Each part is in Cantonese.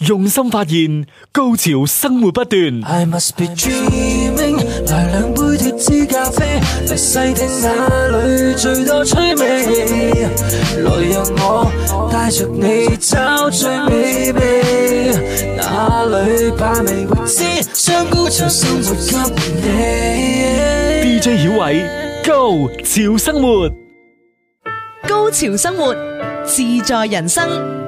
用心發現，高潮生活不斷。I must be dreaming，來兩杯脫脂咖啡，嚟細聽那裏最多趣味。來讓我帶着你找最美味，哪裏把味知？將高潮生活給你。DJ 小偉，Go，潮生活，高潮生活自在人生。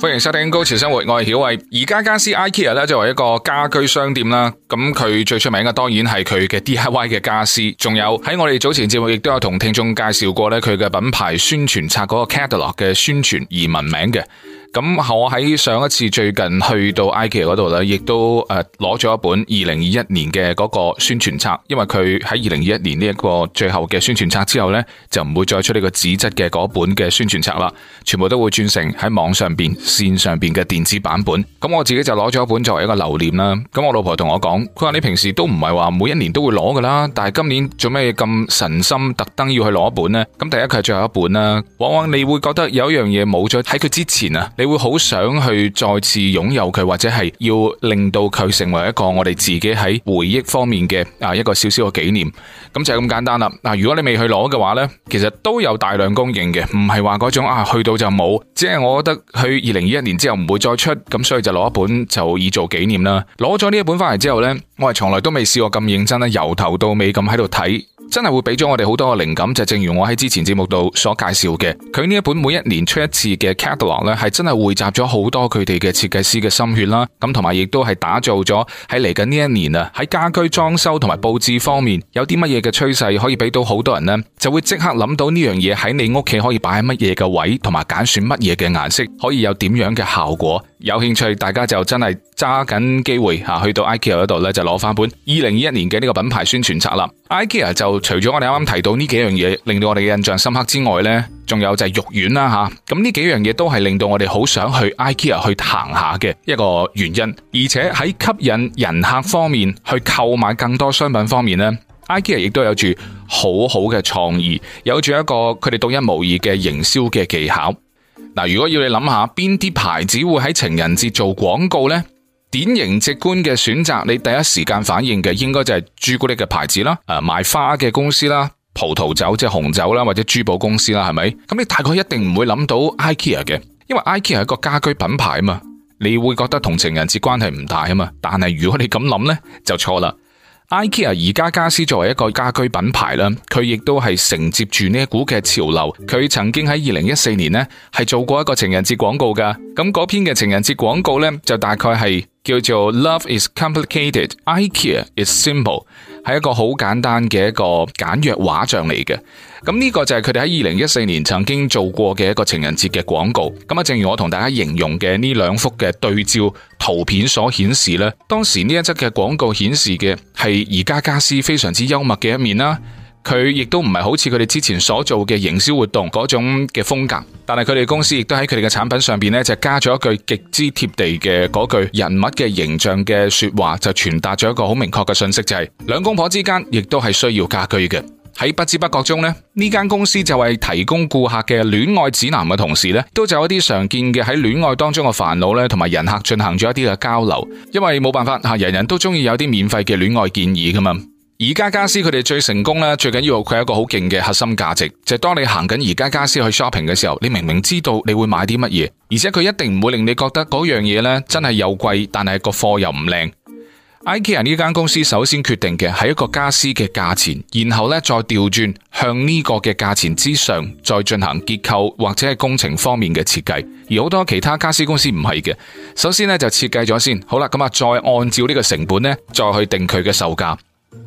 歡迎收聽《高潮生活》，我係曉偉。宜家家私 IKEA 作為一個家居商店啦。咁佢最出名嘅，當然係佢嘅 D I Y 嘅家私。仲有，喺我哋早前節目亦都有同聽眾介紹過咧，佢嘅品牌宣傳冊嗰個 catalog 嘅宣傳而聞名嘅。咁我喺上一次最近去到 IKEA 嗰度咧，亦都誒攞咗一本二零二一年嘅嗰個宣傳冊，因為佢喺二零二一年呢一個最後嘅宣傳冊之後咧，就唔會再出呢個紙質嘅嗰本嘅宣傳冊啦，全部都會轉成喺網上邊線上邊嘅電子版本。咁我自己就攞咗一本作為一個留念啦。咁我老婆同我講，佢話你平時都唔係話每一年都會攞噶啦，但係今年做咩咁神心，特登要去攞一本咧？咁第一佢係最後一本啦，啊，往往你會覺得有一樣嘢冇咗喺佢之前啊。你會好想去再次擁有佢，或者係要令到佢成為一個我哋自己喺回憶方面嘅啊一個小小嘅紀念，咁就係咁簡單啦。嗱，如果你未去攞嘅話呢，其實都有大量供應嘅，唔係話嗰種啊去到就冇，只係我覺得去二零二一年之後唔會再出，咁所以就攞一本就以做紀念啦。攞咗呢一本翻嚟之後呢，我係從來都未試過咁認真啦，由頭到尾咁喺度睇，真係會俾咗我哋好多嘅靈感。就正如我喺之前節目度所介紹嘅，佢呢一本每一年出一次嘅 catalog 咧，係真係。係匯集咗好多佢哋嘅設計師嘅心血啦，咁同埋亦都係打造咗喺嚟緊呢一年啊，喺家居裝修同埋布置方面有啲乜嘢嘅趨勢可以畀到好多人呢？就會即刻諗到呢樣嘢喺你屋企可以擺喺乜嘢嘅位，同埋揀選乜嘢嘅顏色，可以有點樣嘅效果。有興趣，大家就真係揸緊機會吓，去到 IKEA 嗰度咧，就攞翻本二零二一年嘅呢個品牌宣傳冊啦。IKEA 就除咗我哋啱啱提到呢幾樣嘢令到我哋嘅印象深刻之外咧，仲有就係肉丸啦吓。咁呢幾樣嘢都係令到我哋好想去 IKEA 去行下嘅一個原因，而且喺吸引人客方面去購買更多商品方面咧。IKEA 亦都有住好好嘅創意，有住一個佢哋獨一無二嘅營銷嘅技巧。嗱，如果要你諗下邊啲牌子會喺情人節做廣告呢？典型直觀嘅選擇，你第一時間反應嘅應該就係朱古力嘅牌子啦，誒、啊、賣花嘅公司啦，葡萄酒即係紅酒啦，或者珠寶公司啦，係咪？咁你大概一定唔會諗到 IKEA 嘅，因為 IKEA 係一個家居品牌啊嘛，你會覺得同情人節關係唔大啊嘛。但係如果你咁諗呢，就錯啦。IKEA 而家家私作為一個家居品牌啦，佢亦都係承接住呢一股嘅潮流。佢曾經喺二零一四年呢係做過一個情人節廣告噶，咁嗰篇嘅情人節廣告呢，就大概係叫做 Love is complicated，IKEA is simple。係一個好簡單嘅一個簡約畫像嚟嘅，咁、這、呢個就係佢哋喺二零一四年曾經做過嘅一個情人節嘅廣告。咁啊，正如我同大家形容嘅呢兩幅嘅對照圖片所顯示，呢當時呢一則嘅廣告顯示嘅係宜家家私非常之幽默嘅一面啦。佢亦都唔係好似佢哋之前所做嘅營銷活動嗰種嘅風格，但係佢哋公司亦都喺佢哋嘅產品上邊咧就加咗一句極之貼地嘅嗰句人物嘅形象嘅說話，就傳達咗一個好明確嘅信息，就係、是、兩公婆之間亦都係需要家居嘅。喺不知不覺中呢，呢間公司就係提供顧客嘅戀愛指南嘅同時咧，都就有一啲常見嘅喺戀愛當中嘅煩惱咧，同埋人客進行咗一啲嘅交流，因為冇辦法吓，人人都中意有啲免費嘅戀愛建議噶嘛。宜家家私佢哋最成功咧，最緊要佢係一個好勁嘅核心價值，就係當你行緊宜家家私去 shopping 嘅時候，你明明知道你會買啲乜嘢，而且佢一定唔會令你覺得嗰樣嘢咧真係又貴，但係個貨又唔靚。IKEA 呢間公司首先決定嘅係一個家私嘅價錢，然後咧再調轉向呢個嘅價錢之上，再進行結構或者係工程方面嘅設計。而好多其他家私公司唔係嘅，首先咧就設計咗先，好啦，咁啊再按照呢個成本咧再去定佢嘅售價。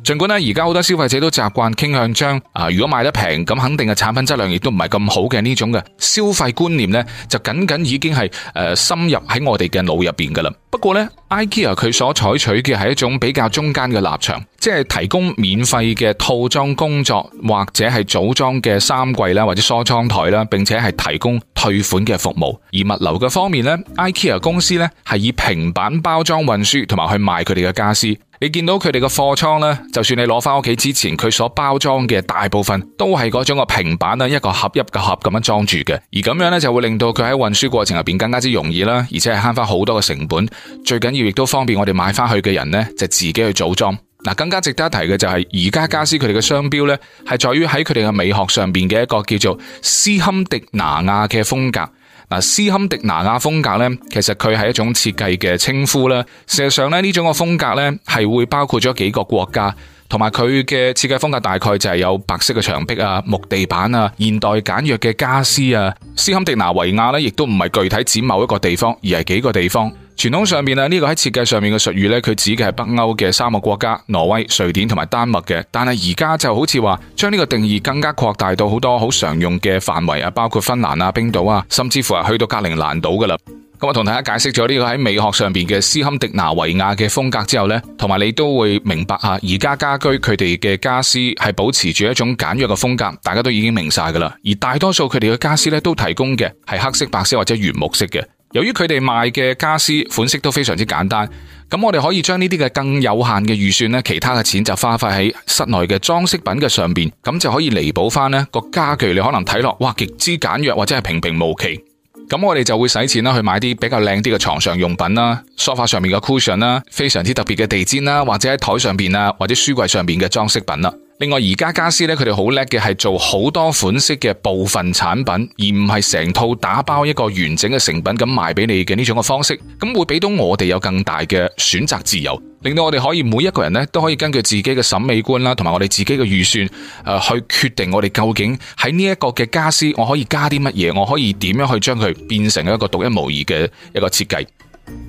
盡管咧，而家好多消費者都習慣傾向將啊，如果賣得平，咁肯定嘅產品質量亦都唔係咁好嘅呢種嘅消費觀念咧，就僅僅已經係誒、呃、深入喺我哋嘅腦入邊噶啦。不過咧，IKEA 佢所採取嘅係一種比較中間嘅立場，即係提供免費嘅套裝工作或者係組裝嘅三櫃啦，或者梳妝台啦，並且係提供退款嘅服務。而物流嘅方面咧，IKEA 公司咧係以平板包裝運輸，同埋去賣佢哋嘅家私。你見到佢哋個貨倉呢，就算你攞翻屋企之前，佢所包裝嘅大部分都係嗰種個平板啦，一個盒一個盒咁樣裝住嘅。而咁樣呢，就會令到佢喺運輸過程入邊更加之容易啦，而且係慳翻好多嘅成本。最緊要亦都方便我哋買翻去嘅人呢，就自己去組裝。嗱，更加值得一提嘅就係宜家家私佢哋嘅商標呢，係在於喺佢哋嘅美學上邊嘅一個叫做斯堪迪納亞嘅風格。斯堪迪納亞風格呢，其實佢係一種設計嘅稱呼啦。事實上呢，呢種個風格呢係會包括咗幾個國家，同埋佢嘅設計風格大概就係有白色嘅牆壁啊、木地板啊、現代簡約嘅家私啊。斯堪迪納維亞呢，亦都唔係具體指某一個地方，而係幾個地方。傳統上面啊，呢、呢個喺設計上面嘅術語呢，佢指嘅係北歐嘅三個國家：挪威、瑞典同埋丹麥嘅。但係而家就好似話，將呢個定義更加擴大到好多好常用嘅範圍啊，包括芬蘭啊、冰島啊，甚至乎係去到格陵蘭島嘅啦。咁我同大家解釋咗呢個喺美學上邊嘅斯堪迪納維亞嘅風格之後呢，同埋你都會明白啊，而家家居佢哋嘅家私係保持住一種簡約嘅風格，大家都已經明晒噶啦。而大多數佢哋嘅家私呢，都提供嘅係黑色、白色或者原木色嘅。由於佢哋賣嘅家私款式都非常之簡單，咁我哋可以將呢啲嘅更有限嘅預算呢，其他嘅錢就花費喺室內嘅裝飾品嘅上邊，咁就可以彌補翻呢個家具。你可能睇落，哇，極之簡約或者係平平無奇，咁我哋就會使錢啦，去買啲比較靚啲嘅床上用品啦，梳化上面嘅 cushion 啦，非常之特別嘅地氈啦，或者喺台上邊啊，或者書櫃上面嘅裝飾品啦。另外，而家家私咧，佢哋好叻嘅係做好多款式嘅部分產品，而唔係成套打包一個完整嘅成品咁賣俾你嘅呢種嘅方式，咁會俾到我哋有更大嘅選擇自由，令到我哋可以每一個人咧都可以根據自己嘅審美觀啦，同埋我哋自己嘅預算誒，去決定我哋究竟喺呢一個嘅家私，我可以加啲乜嘢，我可以點樣去將佢變成一個獨一無二嘅一個設計。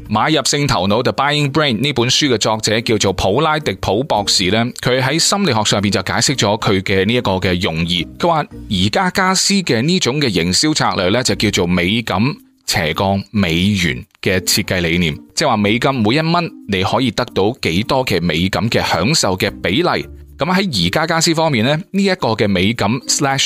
買入性頭腦就 Buying Brain 呢本書嘅作者叫做普拉迪普博士呢，佢喺心理學上面就解釋咗佢嘅呢一個嘅用意。佢話而家家私嘅呢種嘅營銷策略呢，就叫做美感斜槓美元嘅設計理念，即係話美金每一蚊你可以得到幾多嘅美感嘅享受嘅比例。咁喺宜家家私方面，呢一個嘅美感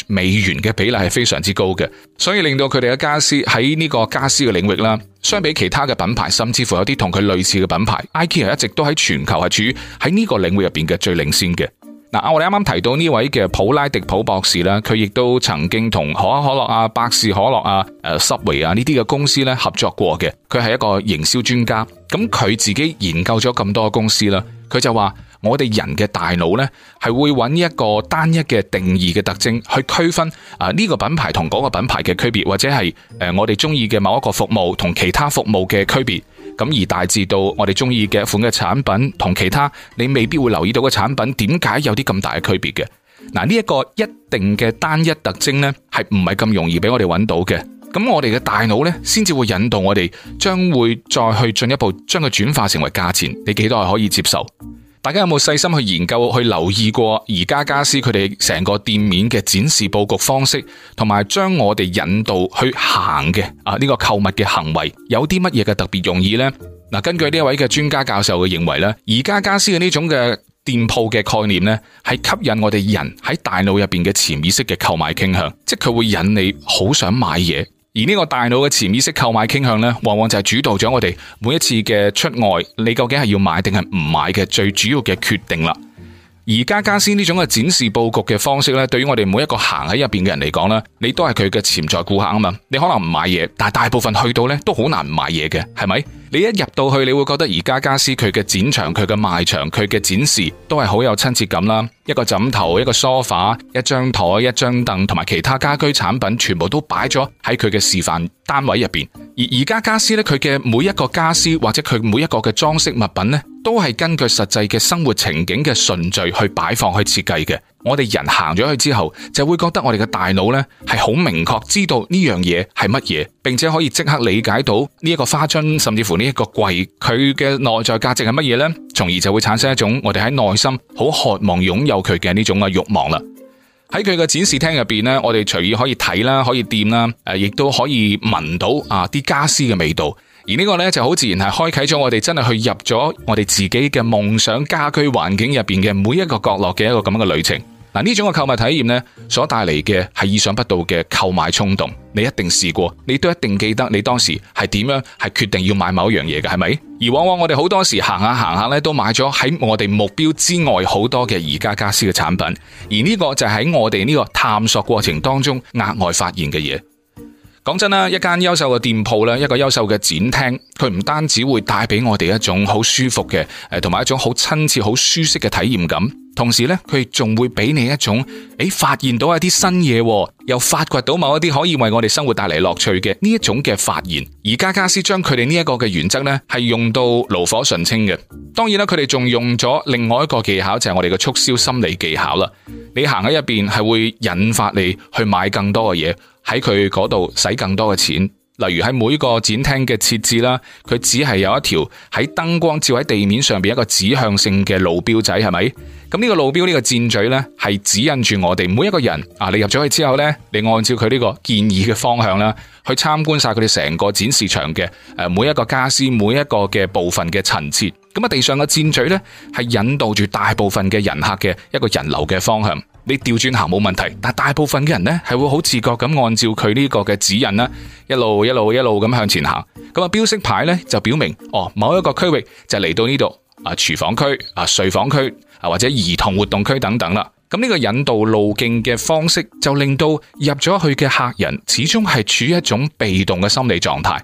美元嘅比例係非常之高嘅，所以令到佢哋嘅家私喺呢個家私嘅領域啦，相比其他嘅品牌，甚至乎有啲同佢類似嘅品牌，IKEA 一直都喺全球係處喺呢個領域入面嘅最領先嘅。嗱，我哋啱啱提到呢位嘅普拉迪普博士啦，佢亦都曾經同可口可樂啊、百事可樂啊、誒、呃、Subway 啊呢啲嘅公司咧合作過嘅，佢係一個營銷專家。咁佢自己研究咗咁多嘅公司啦，佢就話：我哋人嘅大腦咧係會揾一個單一嘅定義嘅特徵去區分啊呢個品牌同嗰個品牌嘅區別，或者係誒我哋中意嘅某一個服務同其他服務嘅區別。咁而大致到我哋中意嘅一款嘅產品，同其他你未必會留意到嘅產品，點解有啲咁大嘅區別嘅？嗱，呢一個一定嘅單一特徵呢，係唔係咁容易俾我哋揾到嘅？咁我哋嘅大腦呢，先至會引導我哋，將會再去進一步將佢轉化成為價錢，你幾多係可以接受？大家有冇細心去研究、去留意過宜家家私佢哋成個店面嘅展示布局方式，同埋將我哋引導去行嘅啊呢個購物嘅行為，有啲乜嘢嘅特別用意呢？嗱，根據呢位嘅專家教授嘅認為咧，宜家家私嘅呢種嘅店鋪嘅概念呢，係吸引我哋人喺大腦入面嘅潛意識嘅購買傾向，即係佢會引你好想買嘢。而呢個大腦嘅潛意識購買傾向呢，往往就係主導咗我哋每一次嘅出外，你究竟係要買定係唔買嘅最主要嘅決定啦。宜家家私呢種嘅展示布局嘅方式咧，對於我哋每一個行喺入邊嘅人嚟講咧，你都係佢嘅潛在顧客啊嘛！你可能唔買嘢，但係大部分去到咧都好難唔買嘢嘅，係咪？你一入到去，你會覺得宜家家私佢嘅展場、佢嘅賣場、佢嘅展示都係好有親切感啦。一個枕頭、一個 sofa、一張檯、一張凳，同埋其他家居產品，全部都擺咗喺佢嘅示範單位入邊。而宜家家私咧，佢嘅每一個家私或者佢每一個嘅裝飾物品咧。都係根據實際嘅生活情景嘅順序去擺放去設計嘅。我哋人行咗去之後，就會覺得我哋嘅大腦咧係好明確知道呢樣嘢係乜嘢，並且可以即刻理解到呢一個花樽，甚至乎呢一個櫃，佢嘅內在價值係乜嘢呢？從而就會產生一種我哋喺內心好渴望擁有佢嘅呢種嘅慾望啦。喺佢嘅展示廳入邊呢，我哋隨意可以睇啦，可以掂啦，誒，亦都可以聞到啊啲家私嘅味道。而呢個呢，就好自然係開啟咗我哋真係去入咗我哋自己嘅夢想家居環境入邊嘅每一個角落嘅一個咁樣嘅旅程。嗱，呢種嘅購物體驗呢，所帶嚟嘅係意想不到嘅購買衝動，你一定試過，你都一定記得你當時係點樣係決定要買某一樣嘢嘅，係咪？而往往我哋好多時行下行下呢，都買咗喺我哋目標之外好多嘅宜家家私嘅產品，而呢個就係喺我哋呢個探索過程當中額外發現嘅嘢。講真啦，一間優秀嘅店鋪啦，一個優秀嘅展廳，佢唔單止會帶俾我哋一種好舒服嘅，誒，同埋一種好親切、好舒適嘅體驗感。同時呢，佢仲會俾你一種，誒、欸，發現到一啲新嘢，又發掘到某一啲可以為我哋生活帶嚟樂趣嘅呢一種嘅發現。而家家私將佢哋呢一個嘅原則呢，係用到爐火純青嘅。當然啦，佢哋仲用咗另外一個技巧，就係、是、我哋嘅促銷心理技巧啦。你行喺入邊係會引發你去買更多嘅嘢，喺佢嗰度使更多嘅錢。例如喺每個展廳嘅設置啦，佢只係有一條喺燈光照喺地面上邊一個指向性嘅路標仔，係咪？咁呢個路標呢個箭嘴呢，係指引住我哋每一個人啊！你入咗去之後呢，你按照佢呢個建議嘅方向啦，去參觀晒佢哋成個展示場嘅誒，每一個傢俬，每一個嘅部分嘅陳設。咁啊，地上嘅箭嘴呢，係引導住大部分嘅人客嘅一個人流嘅方向。你調轉行冇問題，但大部分嘅人呢係會好自覺咁按照佢呢個嘅指引啦，一路一路一路咁向前行。咁啊，標識牌呢就表明哦，某一個區域就嚟到呢度啊，廚房區啊，睡房區啊，或者兒童活動區等等啦。咁呢個引導路徑嘅方式就令到入咗去嘅客人始終係處於一種被動嘅心理狀態。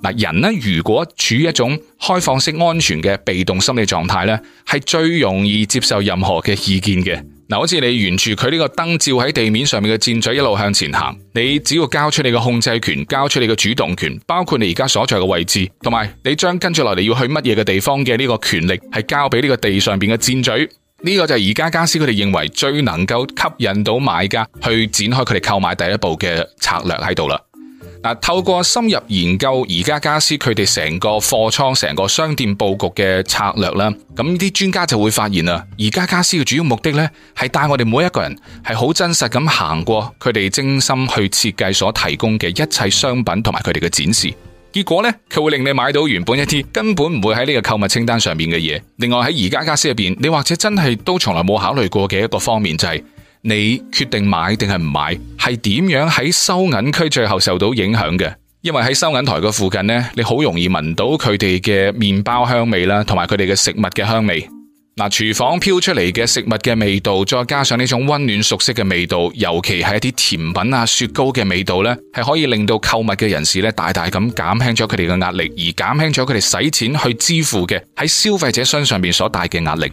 嗱，人呢，如果處於一種開放式安全嘅被動心理狀態呢，係最容易接受任何嘅意見嘅。嗱，好似你沿住佢呢個燈照喺地面上面嘅箭嘴一路向前行，你只要交出你嘅控制權，交出你嘅主動權，包括你而家所在嘅位置，同埋你將跟住落嚟要去乜嘢嘅地方嘅呢個權力係交俾呢個地上邊嘅箭嘴，呢個就係而家家私佢哋認為最能夠吸引到買家去展開佢哋購買第一步嘅策略喺度啦。透過深入研究宜家家私佢哋成個貨倉、成個商店布局嘅策略啦，咁啲專家就會發現啦，宜家家私嘅主要目的呢，係帶我哋每一個人係好真實咁行過佢哋精心去設計所提供嘅一切商品同埋佢哋嘅展示。結果呢，佢會令你買到原本一啲根本唔會喺呢個購物清單上面嘅嘢。另外喺宜家家私入邊，你或者真係都從來冇考慮過嘅一個方面就係、是、你決定買定係唔買。係點樣喺收銀區最後受到影響嘅？因為喺收銀台嘅附近呢，你好容易聞到佢哋嘅麵包香味啦，同埋佢哋嘅食物嘅香味。嗱，廚房飄出嚟嘅食物嘅味道，再加上呢種溫暖熟悉嘅味道，尤其係一啲甜品啊、雪糕嘅味道呢，係可以令到購物嘅人士咧，大大咁減輕咗佢哋嘅壓力，而減輕咗佢哋使錢去支付嘅喺消費者身上面所帶嘅壓力。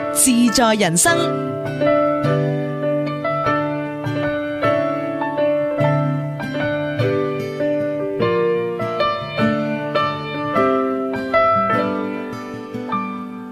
自在人生。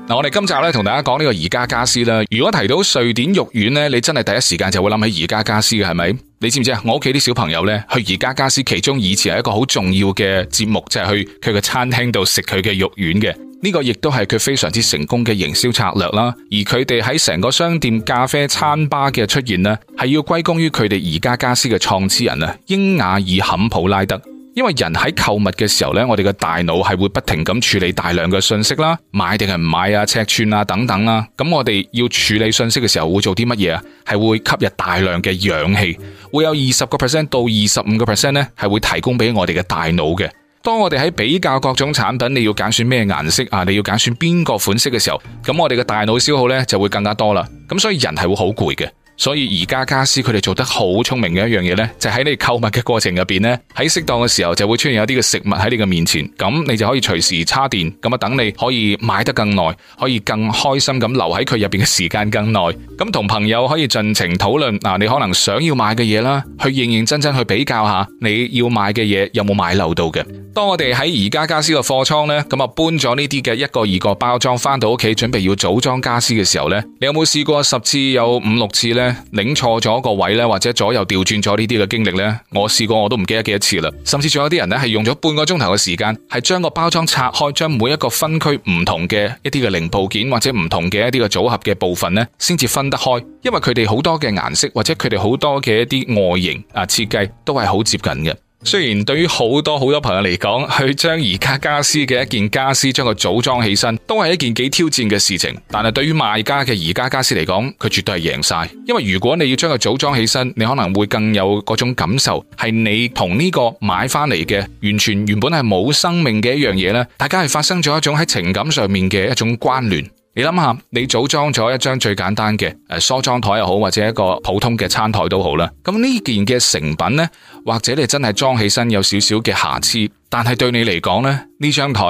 嗱， 我哋今集咧同大家講呢、呢個宜家家私啦。如果提到瑞典肉丸呢，你真係第一時間就會諗起宜家家私嘅，係咪？你知唔知啊？我屋企啲小朋友呢，去宜家家私，其中以前係一個好重要嘅節目，就係、係、去佢嘅餐廳度食佢嘅肉丸嘅。呢個亦都係佢非常之成功嘅營銷策略啦，而佢哋喺成個商店、咖啡、餐吧，嘅出現呢，係要歸功於佢哋而家家私嘅創始人啊，英雅爾坎普拉德。因為人喺購物嘅時候呢，我哋嘅大腦係會不停咁處理大量嘅信息啦，買定係唔買啊，尺寸啊，等等啦。咁我哋要處理信息嘅時候會做啲乜嘢啊？係會吸入大量嘅氧氣，會有二十個 percent 到二十五個 percent 咧，係會提供俾我哋嘅大腦嘅。當我哋喺比較各種產品，你要揀選咩顏色啊？你要揀選邊個款式嘅時候，咁我哋嘅大腦消耗呢就會更加多啦。咁所以人係會好攰嘅。所以宜家家私佢哋做得好聰明嘅一樣嘢咧，就喺你購物嘅過程入邊咧，喺適當嘅時候就會出現有啲嘅食物喺你嘅面前，咁你就可以隨時叉電，咁啊等你可以買得更耐，可以更開心咁留喺佢入邊嘅時間更耐，咁同朋友可以盡情討論嗱，你可能想要買嘅嘢啦，去認認真真去比較下你要買嘅嘢有冇買漏到嘅。當我哋喺宜家家私嘅貨倉咧，咁啊搬咗呢啲嘅一個二個包裝翻到屋企準備要組裝家私嘅時候咧，你有冇試過十次有五六次咧？擰錯咗個位咧，或者左右調轉咗呢啲嘅經歷咧，我試過我都唔記得幾多次啦。甚至仲有啲人咧，係用咗半個鐘頭嘅時間，係將個包裝拆開，將每一個分區唔同嘅一啲嘅零部件或者唔同嘅一啲嘅組合嘅部分咧，先至分得開。因為佢哋好多嘅顏色或者佢哋好多嘅一啲外形啊設計都係好接近嘅。雖然對於好多好多朋友嚟講，去將宜家家私嘅一件家私將佢組裝起身，都係一件幾挑戰嘅事情。但係對於賣家嘅宜家家私嚟講，佢絕對係贏晒。因為如果你要將佢組裝起身，你可能會更有嗰種感受，係你同呢個買返嚟嘅完全原本係冇生命嘅一樣嘢咧，大家係發生咗一種喺情感上面嘅一種關聯。你諗下，你組裝咗一張最簡單嘅，梳妝台也好，或者一個普通嘅餐台都好啦。咁呢件嘅成品呢，或者你真係裝起身有少少嘅瑕疵。但係對你嚟講咧，呢張台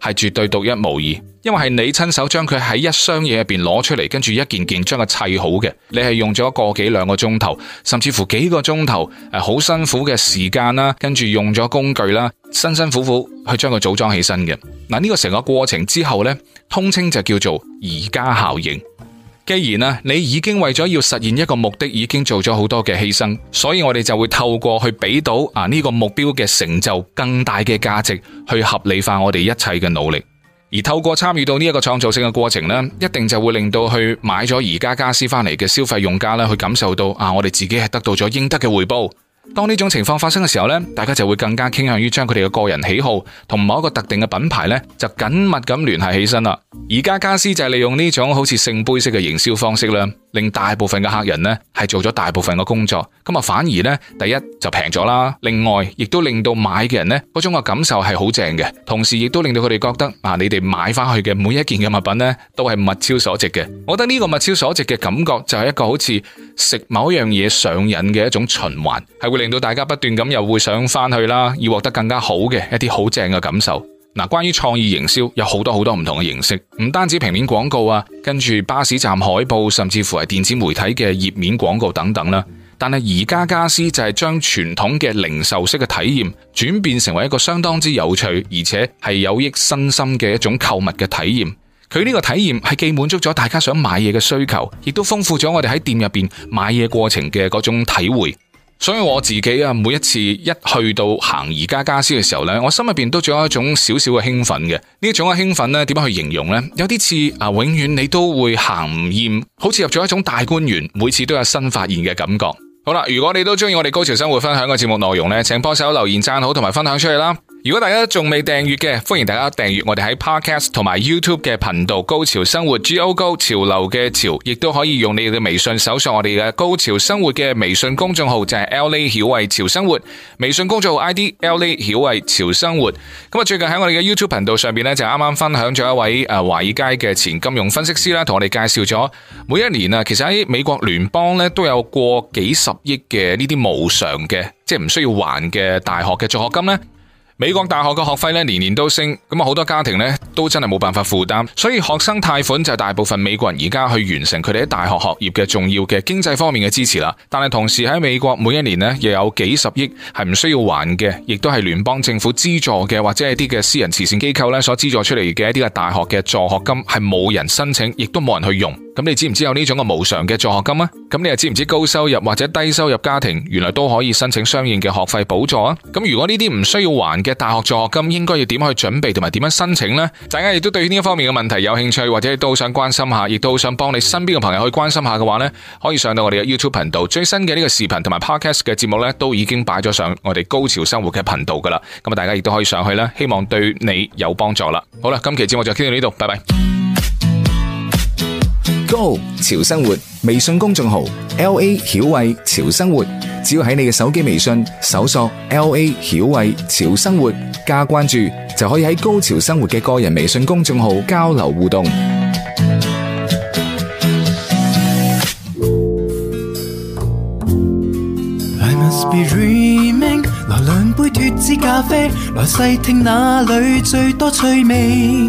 係絕對獨一無二，因為係你親手將佢喺一箱嘢入面攞出嚟，跟住一件件將佢砌好嘅。你係用咗個幾兩個鐘頭，甚至乎幾個鐘頭好辛苦嘅時間啦，跟住用咗工具啦，辛辛苦苦去將佢組裝起身嘅。嗱，呢個成個過程之後呢，通稱就叫做宜家效應。既然啊，你已經為咗要實現一個目的，已經做咗好多嘅犧牲，所以我哋就會透過去畀到啊呢個目標嘅成就更大嘅價值，去合理化我哋一切嘅努力。而透過參與到呢一個創造性嘅過程咧，一定就會令到去買咗而家家私翻嚟嘅消費用家啦，去感受到啊，我哋自己係得到咗應得嘅回報。當呢種情況發生嘅時候咧，大家就會更加傾向於將佢哋嘅個人喜好同某一個特定嘅品牌咧，就緊密咁聯繫起身啦。而家家私就係利用呢種好似聖杯式嘅營銷方式啦，令大部分嘅客人咧係做咗大部分嘅工作，咁啊反而呢，第一就平咗啦，另外亦都令到買嘅人咧，嗰種嘅感受係好正嘅，同時亦都令到佢哋覺得啊，你哋買翻去嘅每一件嘅物品咧都係物超所值嘅。我覺得呢個物超所值嘅感覺就係一個好似食某樣嘢上癮嘅一種循環，係會。令到大家不斷咁又會想翻去啦，要獲得更加好嘅一啲好正嘅感受。嗱，關於創意營銷有好多好多唔同嘅形式，唔單止平面廣告啊，跟住巴士站海報，甚至乎係電子媒體嘅頁面廣告等等啦。但係而家家私就係將傳統嘅零售式嘅體驗轉變成為一個相當之有趣，而且係有益身心嘅一種購物嘅體驗。佢呢個體驗係既滿足咗大家想買嘢嘅需求，亦都豐富咗我哋喺店入邊買嘢過程嘅嗰種體會。所以我自己啊，每一次一去到行宜家家私嘅時候咧，我心入邊都仲有一種少少嘅興奮嘅。呢種嘅興奮咧，點樣去形容咧？有啲似啊，永遠你都會行唔厭，好似入咗一種大觀園，每次都有新發現嘅感覺。好啦，如果你都中意我哋高潮生活分享嘅節目內容咧，請幫手留言讚好同埋分享出嚟啦。如果大家仲未訂閱嘅，歡迎大家訂閱我哋喺 Podcast 同埋 YouTube 嘅頻道《高潮生活 G O G》潮流嘅潮，亦都可以用你哋嘅微信搜索我哋嘅《高潮生活》嘅微、微信公眾號，就係、是、L A 曉慧潮生活微信公眾號 I D L A 曉慧潮生活。咁啊，最近喺我哋嘅 YouTube 頻道上邊咧，就啱啱分享咗一位誒華爾街嘅前金融分析師啦，同我哋介紹咗每一年啊，其實喺美國聯邦咧都有過幾十億嘅呢啲無償嘅，即係唔需要還嘅大學嘅助學金咧。美國大學嘅學費年年都升，咁啊好多家庭咧都真係冇辦法負擔，所以學生貸款就是大部分美國人而家去完成佢哋喺大學學業嘅重要嘅經濟方面嘅支持啦。但係同時喺美國每一年咧又有幾十億係唔需要還嘅，亦都係聯邦政府資助嘅或者係啲嘅私人慈善機構咧所資助出嚟嘅一啲大學嘅助學金係冇人申請，亦都冇人去用。咁你知唔知有呢種嘅無償嘅助學金啊？咁你又知唔知高收入或者低收入家庭，原來都可以申請相應嘅學費補助啊？咁如果呢啲唔需要還嘅大學助學金，應該要點去準備同埋點樣申請呢？大家亦都對呢一方面嘅問題有興趣，或者都想關心下，亦都想幫你身邊嘅朋友去關心下嘅話呢，可以上到我哋嘅 YouTube 頻道最新嘅呢個視頻同埋 Podcast 嘅節目呢，都已經擺咗上我哋高潮生活嘅頻道噶啦。咁啊，大家亦都可以上去啦，希望對你有幫助啦。好啦，今期節目就傾到呢度，拜拜。高潮生活微信公眾號 L A 曉慧潮生活，只要喺你嘅手機微信搜索 L A 曉慧潮生活加關注，就可以喺高潮生活嘅個人微信公眾號交流互動。來兩杯脱脂咖啡，來細聽哪裏最多趣味。